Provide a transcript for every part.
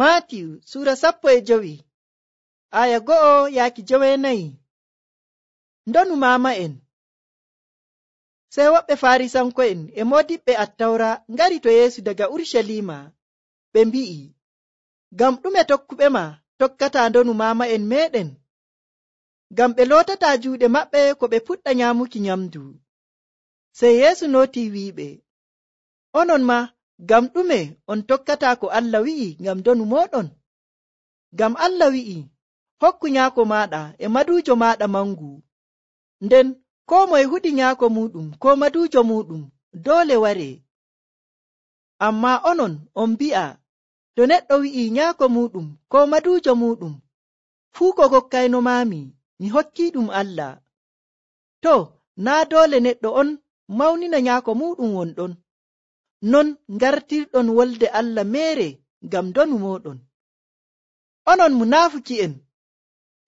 matiw sura sappo e jowi aya go'o yaaki jowenayi ndonu mama en sei woɓɓe farisanko'en e modiɓɓe attawra ngari to yeesu daga urushalima ɓe mbi'i ngam ɗume tokkuɓe ma tokkata ndonu mama en meɗen ngam ɓe lotata juuɗe maɓɓe ko ɓe puɗɗa nyamuki nyamdu sei yeesu noti wiɓe onon ma ngam ɗume on tokkata ko allah wi'i ngam donu moɗon ngam allah wi'i hokku nyaako maɗa e madujo maɗa mangu nden ko moye huɗi nyaako muɗum ko madujo muɗum dole ware amma onon on mbi'a to neɗɗo wi'i nyaako muɗum ko madujo muɗum fuu ko kokkaino maami mi hokki ɗum allah to naa dole neɗɗo on mawnina nyaako muɗum wonɗon non ngartirɗon wolde allah mere ngam donu moɗon onon munafuki'en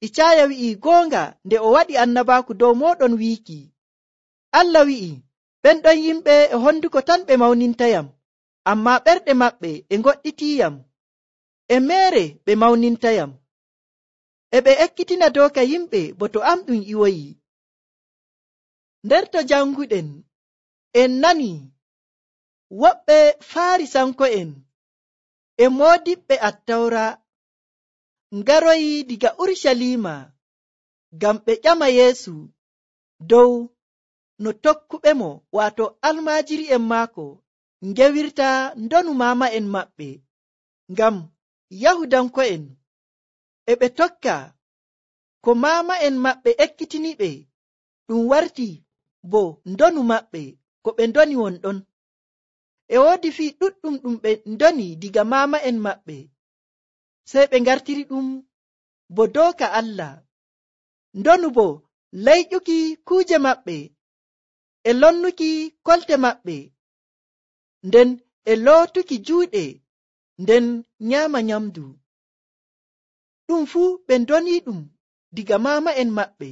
icaya wi'i goonga nde o waɗi annabaku dow moɗon wiiki allah wi'i ɓenɗon yimɓe e honduko tan ɓe mawnintayam amma ɓerɗe maɓɓe e goɗɗitiyam e mere ɓe mawnintayam e ɓe ekkitina doka yimɓe bo to am ɗum iwoyi nder to janguɗen en nani woɓɓe farisanko'en e moodiɓɓe attawra ngaroyi diga urushalima ngam ɓe ƴama yeesu dow no tokkuɓe mo wato almajiri'en maako ngewirta ndonu mama'en maɓɓe ngam yahudanko'en e ɓe tokka ko mama'en maɓɓe ekkitiniɓe ɗum warti bo ndonu maɓɓe ko ɓe ndoni wonɗon e woodi fii ɗuɗɗum ɗum ɓe ndoni diga mama en maɓɓe sey ɓe ngartiri ɗum bo doka allah ndonu bo layƴuki kuuje maɓɓe e lonnuki kolte maɓɓe nden e lootuki juuɗe nden nyaama nyamdu ɗum fuu ɓe ndoni ɗum diga mama en maɓɓe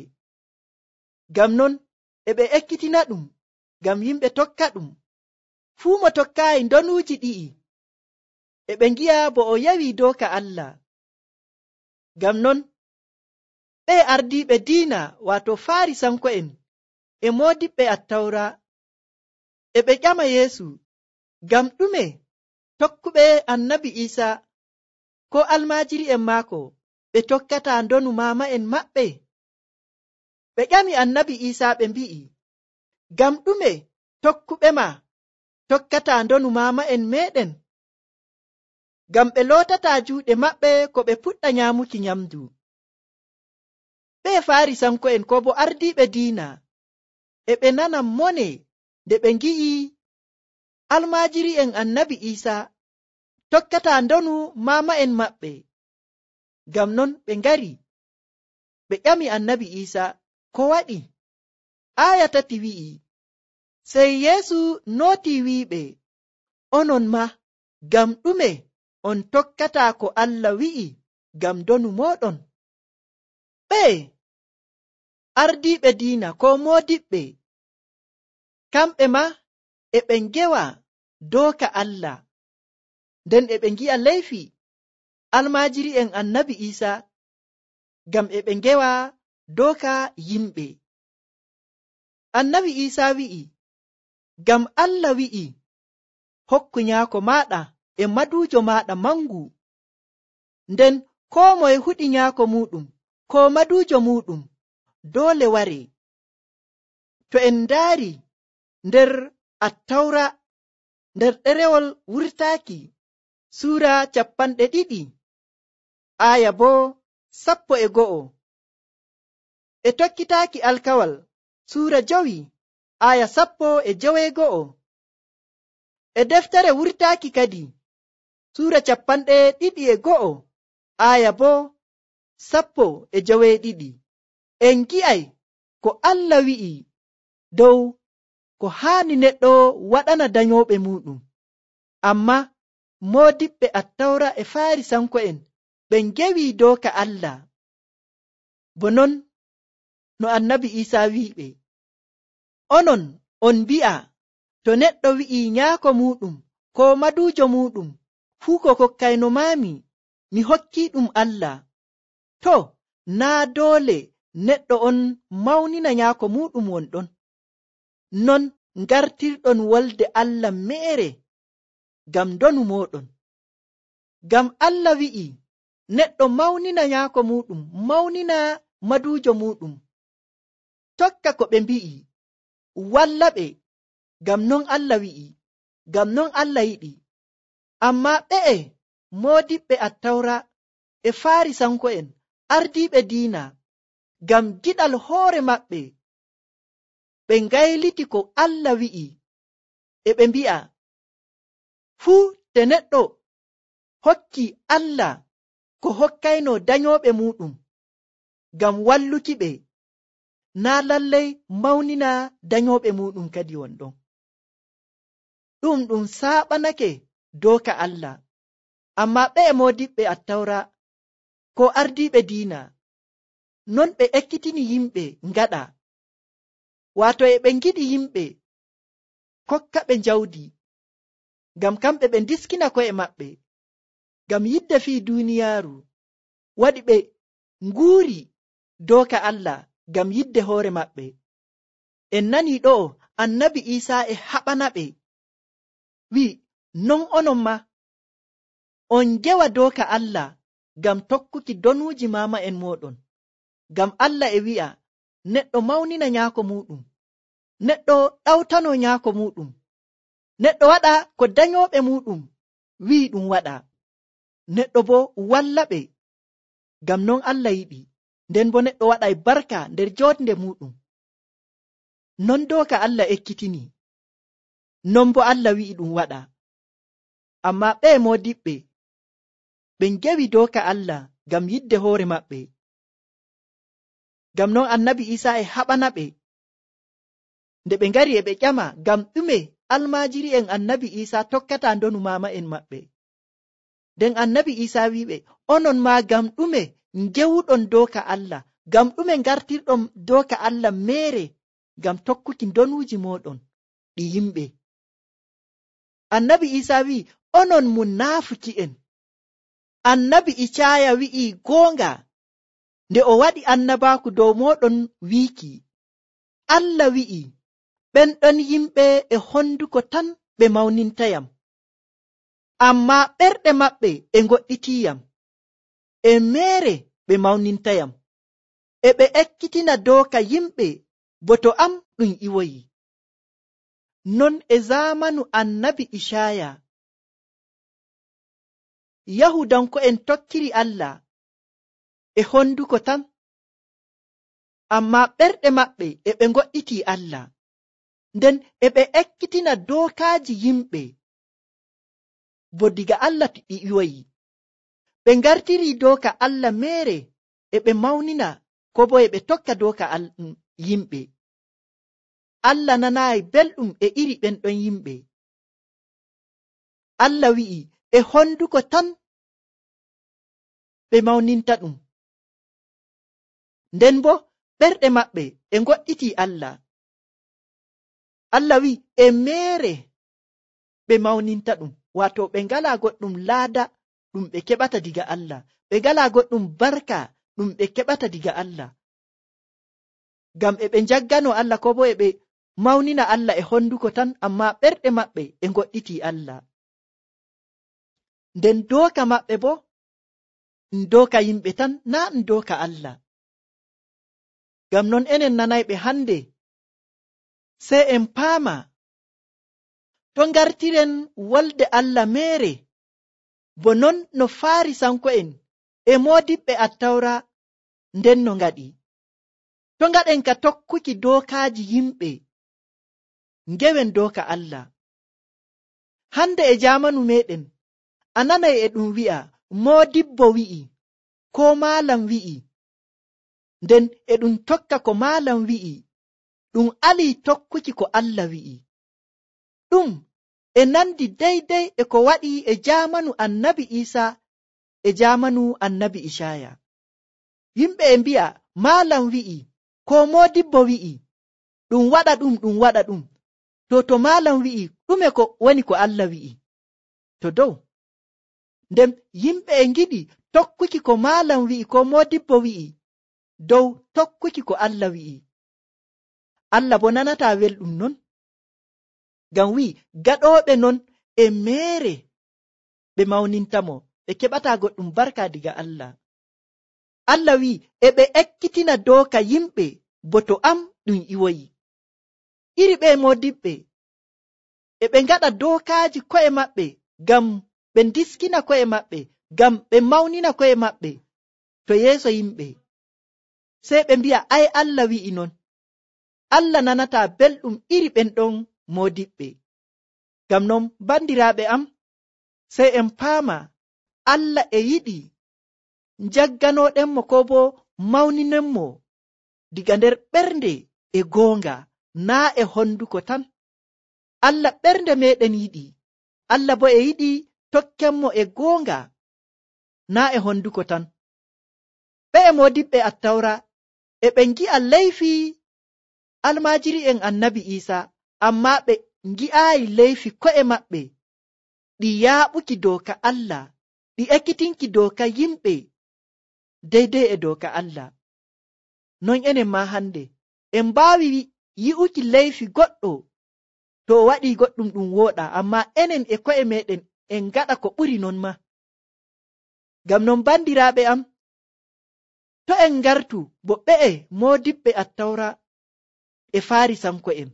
gam non e ɓe ekkitina ɗum gam yimɓe tokka ɗum fuu mo tokkaayi ndonuuji ɗi'i e ɓe ngi'a bo o yawi doka allah ngam non ɓe ardiiɓe diina waato faari sanko'en e moodiɓɓe attawra e ɓe ƴama yeesu ngam ɗume tokkuɓe annabi iisa ko almaajiri'en maako ɓe tokkata ndonu maama'en maɓɓe ɓe ƴami annabi iisaa ɓe mbi'i ngam ɗume tokkuɓe ma tokkata ndonu mama en meɗen ngam ɓe lotata juuɗe maɓɓe ko ɓe puɗɗa nyamuki nyamdu ɓe farisanko en ko bo ardiɓe diina e ɓe nanan mone nde ɓe ngi'i almajiri en annabi isa tokkata ndonu mama en maɓɓe ngam non ɓe ngari ɓe ƴami annabi isa ko waɗi aya tati wi'i sey yeesu nooti wiiɓe onon ma gam ɗume on tokkata ko allah wi'i gam donu moɗon ɓee ardiiɓe diina ko moodiɓɓe kamɓe ma e ɓe ngewa dooka allah nden e ɓe ngi'a leyfi almajiri en annabi iisa gam e ɓe ngewa dooka yimɓe annabi iisa wi'i ngam allah wi'i hokku nyaako maaɗa e madujo maaɗa mangu nden ko moye huɗi nyaako muɗum ko madujo muɗum dole ware to en ndaari nder attawra nder ɗerewol wurtaaki suura cappanɗe ɗiɗi aya bo sappo e go'o e tokkitaaki alkawal suura jowi aya sappo e jeweego'o e deftere wurtaaki kadi suura capanɗe ɗiɗi e go'o aya bo sappo e jeweeɗiɗi en ngi'ay ko allah wi'i dow ko haani neɗɗo waɗana dayooɓe muɗum amma moodiɓɓe attawra e farisanko'en ɓen ngewi dow ka allah bo non no annabi isaa wi'i ɓe onon on mbi'a to neɗɗo wi'i nyaako muɗum ko madujo muɗum fuu ko kokkaino maami mi hokki ɗum allah to na doole neɗɗo on mawnina nyaako muɗum wonɗon non ngartirɗon wolde allah me'ere ngam donu moɗon ngam allah wi'i neɗɗo mawnina nyaako muɗum mawnina madujo muɗum tokka ko ɓe mbi'i walla ɓe gam non allah wi'i gam non allah yiɗi amma ɓe'e modiɓɓe attawra e farisanko'en ardiɓe diina gam giɗal hoore maɓɓe ɓe ngayliti ko allah wi'i e ɓe mbi'a fuu te neɗɗo hokki allah ko hokkayno dayoɓe muɗum gam walluki ɓe na lallai maunina dayoɓe muɗum kadi wonɗon ɗum ɗum saɓanake doka allah amma ɓe e modiɓɓe attawra ko ardiɓe diina non ɓe ekkitini yimɓe ngaɗa wato e ɓe giɗi yimɓe kokka ɓe njawdi ngam kamɓe ɓe diskina ko'e maɓɓe ngam yidde fii duniyaaru waɗi ɓe nguuri doka allah gam yidde hoore maɓɓe en nani ɗo annabi isa e haɓana ɓe wi non onon ma on gewa doka allah gam tokkuki donuuji mama en moɗon gam allah e wi'a neɗɗo maunina nyaako muɗum neɗɗo ɗawtano nyaako muɗum neɗɗo waɗa ko dayoɓe muɗum wi ɗum waɗa neɗɗo bo walla ɓe gam non allah yiɗi nden bo neɗɗo waɗai barka nder jotnde muɗum non doka allah ekkitini non bo allah wi'i ɗum waɗa amma ɓe modiɓɓe ɓen gewi doka allah ngam yidde hoore maɓɓe ngam non annabi isa e haɓana ɓe nde ɓe ngari e ɓe ƴama ngam ɗume almajiri en annabi isa tokkata ndonu mama en maɓɓe nden annabi isa wi ɓe onon ma ngam ɗume ngewuɗon doka allah ngam ɗume ngartirɗon doka allah mere ngam tokkuki donuuji moɗon ɗi yimɓe annabi isa wi'i onon mu naafuki'en annabi icaya wi'i goonga nde o waɗi annabaku dow moɗon wiiki allah wi'i ɓenɗon yimɓe e honduko tan ɓe mawnintayam amma ɓerɗe maɓɓe e goɗɗitiyam e mere ɓe mawnintayam e ɓe ekkitina doka yimɓe boto am ɗum iwoyi non e zamanu annabi ishaya yahudanko en tokkiri allah e honduko tan amma ɓerɗe maɓɓe e ɓe goɗɗiti allah nden e ɓe ekkitina dokaji yimɓe bo diga allah to ɗi iwoyi ɓe ngartiri doka allah mere e ɓe maunina ko bo e ɓe tokka doka al mm, yimɓe allah nanayi belɗum e iri ɓen ɗon yimɓe allah wi'i e honduko tan ɓe mauninta ɗum nden bo ɓerɗe maɓɓe e goɗɗiti allah allah wi'i e mere ɓe mauninta ɗum wato ɓe ngala goɗɗum laada ɗum ɓe keɓata diga allah ɓe ngala goɗɗum barka ɗum ɓe keɓata diga allah ngam e ɓe njaggano allah ko bo e ɓe mawnina allah e honnduko tan amma ɓerɗe maɓɓe e goɗɗiti allah nden doka maɓɓe bo n doka yimɓe tan na n doka allah ngam non enen nanayɓe hannde sey en paama to ngartiren wolde allah mere bo non no farisanko'en e modiɓɓe attawra nden no ngaɗi to ngaɗen ka tokkuki dokaaji yimɓe ngewen doka allah hande e jamanu meɗen a nanay e ɗum wi'a modibbo wi'i ko malam wi'i nden e ɗum tokka ko malam wi'i ɗum ali tokkuki ko allah wi'i ɗum e nandi daidai e ko waɗi e jamanu annabi isa e jamanu annabi ishaya yimɓe e mbi'a malam wi'i ko modibbo wi'i ɗum waɗa ɗum ɗum waɗa ɗum to to malam wi'i ɗume ko woni ko allah wi'i to dow nden yimɓe e ngiɗi tokkuki ko malam wi'i ko modibbo wi'i dow tokkuki ko allah wi'i allah bo nanata welɗum non ngam wi'i gaɗooɓe non e meere ɓe mawnintamo ɓe keɓata goɗɗum barka diga allah allah wi'i e ɓe ekkitina dooka yimɓe boto am ɗum iwoyi iri ɓe modiɓɓe e ɓe ngaɗa dookaaji ko'e maɓɓe ngam ɓe ndiskina ko'e maɓɓe ngam ɓe mawnina ko'e maɓɓe to yeeso yimɓe sey ɓe mbi'a ay allah wi'i non allah nanata belɗum iri ɓen ɗon modiɓɓe gam non bandiraɓe am sey en paama allah e yiɗi jagganoɗenmo ko bo mawninenmo diga nder ɓernde e goonga naa e honduko tan allah ɓernde meɗen yiɗi allah bo e yiɗi tokkenmo e goonga naa e honduko tan ɓe e modiɓɓe attawra e ɓen gi'a leyfi almajiri en annabi isa amma ɓe ngi'aayi leyfi ko'e maɓɓe ɗi yaaɓuki doka allah ɗi ekkitinki doka yimɓe deydey e doka allah non enen ma hannde en mbaawi yi'uki leyfi goɗɗo to o waɗi goɗɗum ɗum wooɗa amma enen e ko'e meɗen en gaɗa ko ɓuri non ma ngam non bandiraaɓe am to en ngartu bo ɓe'e moodiɓɓe attawra e faari sanko'en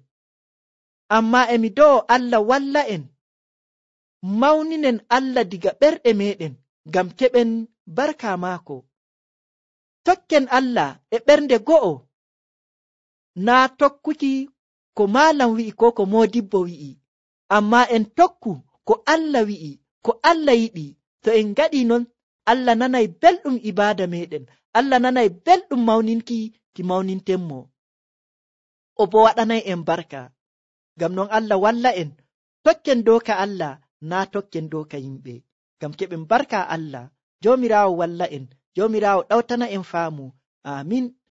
amma emi do allah walla en mauninen allah diga berde meɗen ngam keɓen barka maako tokken allah e ɓernde go'o na tokkuki ko malam wi'i ko ko modibbo wi'i amma en tokku ko allah wi'i ko allah yiɗi to en ngaɗi non allah nanay belɗum ibada meɗen allah nanay belɗum mauninki ki mauninten mo o bo waɗanay en barka ngam noon allah walla en tokken doka allah na tokken doka yimɓe ngam keɓen barka allah jomirawo walla en jomirawo ɗawtana en faamu amin